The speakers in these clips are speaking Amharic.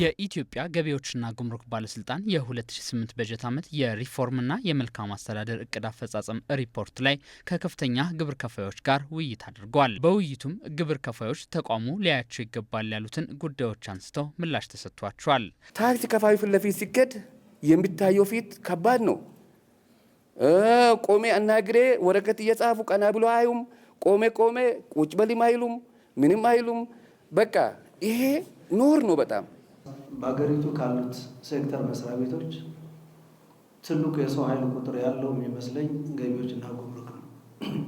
የኢትዮጵያ ገቢዎችና ጉምሩክ ባለስልጣን የ2008 በጀት ዓመት የሪፎርምና የመልካም አስተዳደር እቅድ አፈጻጸም ሪፖርት ላይ ከከፍተኛ ግብር ከፋዮች ጋር ውይይት አድርጓል። በውይይቱም ግብር ከፋዮች ተቋሙ ሊያያቸው ይገባል ያሉትን ጉዳዮች አንስተው ምላሽ ተሰጥቷቸዋል። ታክስ ከፋዩ ፊት ለፊት ሲገድ የሚታየው ፊት ከባድ ነው። ቆሜ አናግሬ ወረቀት እየጻፉ ቀና ብሎ አዩም። ቆሜ ቆሜ ቁጭ በልም አይሉም፣ ምንም አይሉም። በቃ ይሄ ኖር ነው በጣም በሀገሪቱ ካሉት ሴክተር መስሪያ ቤቶች ትልቁ የሰው ኃይል ቁጥር ያለው የሚመስለኝ ገቢዎች እና ጉምሩክ ነው።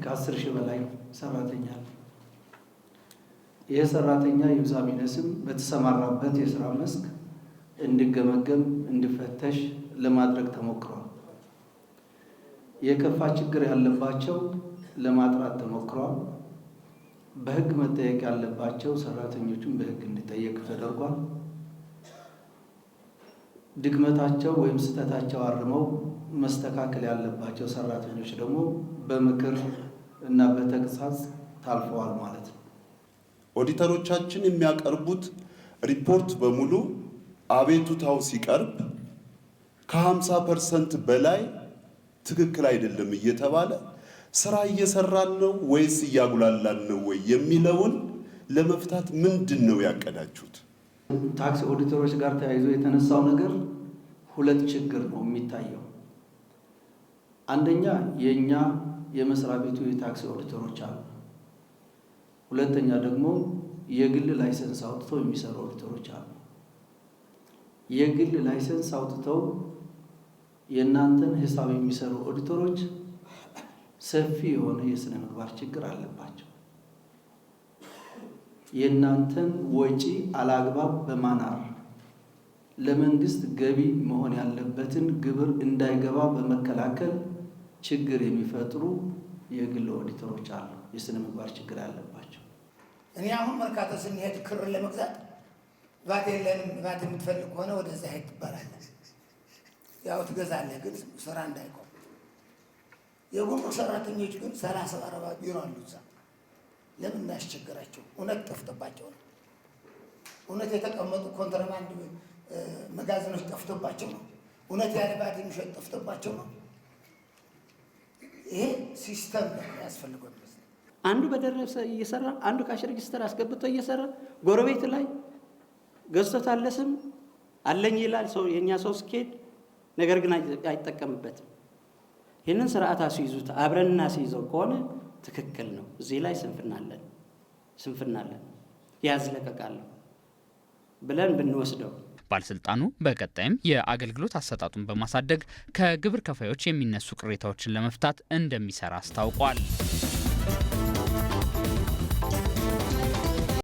ከአስር ሺህ በላይ ሰራተኛ አለ። ይህ ሰራተኛ ይብዛ ቢነስም በተሰማራበት የስራ መስክ እንዲገመገም፣ እንዲፈተሽ ለማድረግ ተሞክሯል። የከፋ ችግር ያለባቸው ለማጥራት ተሞክሯል። በህግ መጠየቅ ያለባቸው ሰራተኞቹን በህግ እንዲጠየቅ ተደርጓል። ድክመታቸው ወይም ስህተታቸው አርመው መስተካከል ያለባቸው ሰራተኞች ደግሞ በምክር እና በተግሳጽ ታልፈዋል ማለት ነው። ኦዲተሮቻችን የሚያቀርቡት ሪፖርት በሙሉ አቤቱታው ሲቀርብ ከ50 ፐርሰንት በላይ ትክክል አይደለም እየተባለ ስራ እየሰራን ነው ወይስ እያጉላላን ነው ወይ የሚለውን ለመፍታት ምንድን ነው ያቀዳችሁት? ታክስ ኦዲተሮች ጋር ተያይዞ የተነሳው ነገር ሁለት ችግር ነው የሚታየው። አንደኛ የእኛ የመስሪያ ቤቱ የታክስ ኦዲተሮች አሉ። ሁለተኛ ደግሞ የግል ላይሰንስ አውጥተው የሚሰሩ ኦዲተሮች አሉ። የግል ላይሰንስ አውጥተው የእናንተን ሂሳብ የሚሰሩ ኦዲተሮች ሰፊ የሆነ የስነ ምግባር ችግር አለባቸው። የእናንተን ወጪ አላግባብ በማናር ለመንግስት ገቢ መሆን ያለበትን ግብር እንዳይገባ በመከላከል ችግር የሚፈጥሩ የግል ኦዲተሮች አሉ፣ የስነ ምግባር ችግር ያለባቸው። እኔ አሁን መርካቶ ስንሄድ ክር ለመግዛት ባት የለንም፣ ባት የምትፈልግ ከሆነ ወደዛ ሄድ ትባላለህ። ያው ትገዛለህ፣ ግን ስራ እንዳይቆም። የጉምሩክ ሰራተኞች ግን ሰላሳ አርባ ቢሮ አሉ እዛ ለምን እናያስቸግራቸው? እውነት ጠፍቶባቸው ነው። እውነት የተቀመጡ ኮንትራባንድ መጋዘኖች ጠፍቶባቸው ነው። እውነት ያለባት የሚሸጥ ጠፍቶባቸው ነው። ይሄ ሲስተም ያስፈልገው። አንዱ በደረሰ እየሰራ አንዱ ካሽ ሬጅስተር አስገብቶ እየሰራ ጎረቤት ላይ ገዝቶት አለ ስም አለኝ ይላል ሰው የእኛ ሰው ስኬድ ነገር ግን አይጠቀምበትም። ይህንን ስርዓት አስይዙት አብረን እናስይዘው ከሆነ ትክክል ነው። እዚህ ላይ ስንፍናለን ስንፍናለን ያዝለቀቃለሁ ብለን ብንወስደው ባለስልጣኑ በቀጣይም የአገልግሎት አሰጣጡን በማሳደግ ከግብር ከፋዮች የሚነሱ ቅሬታዎችን ለመፍታት እንደሚሰራ አስታውቋል።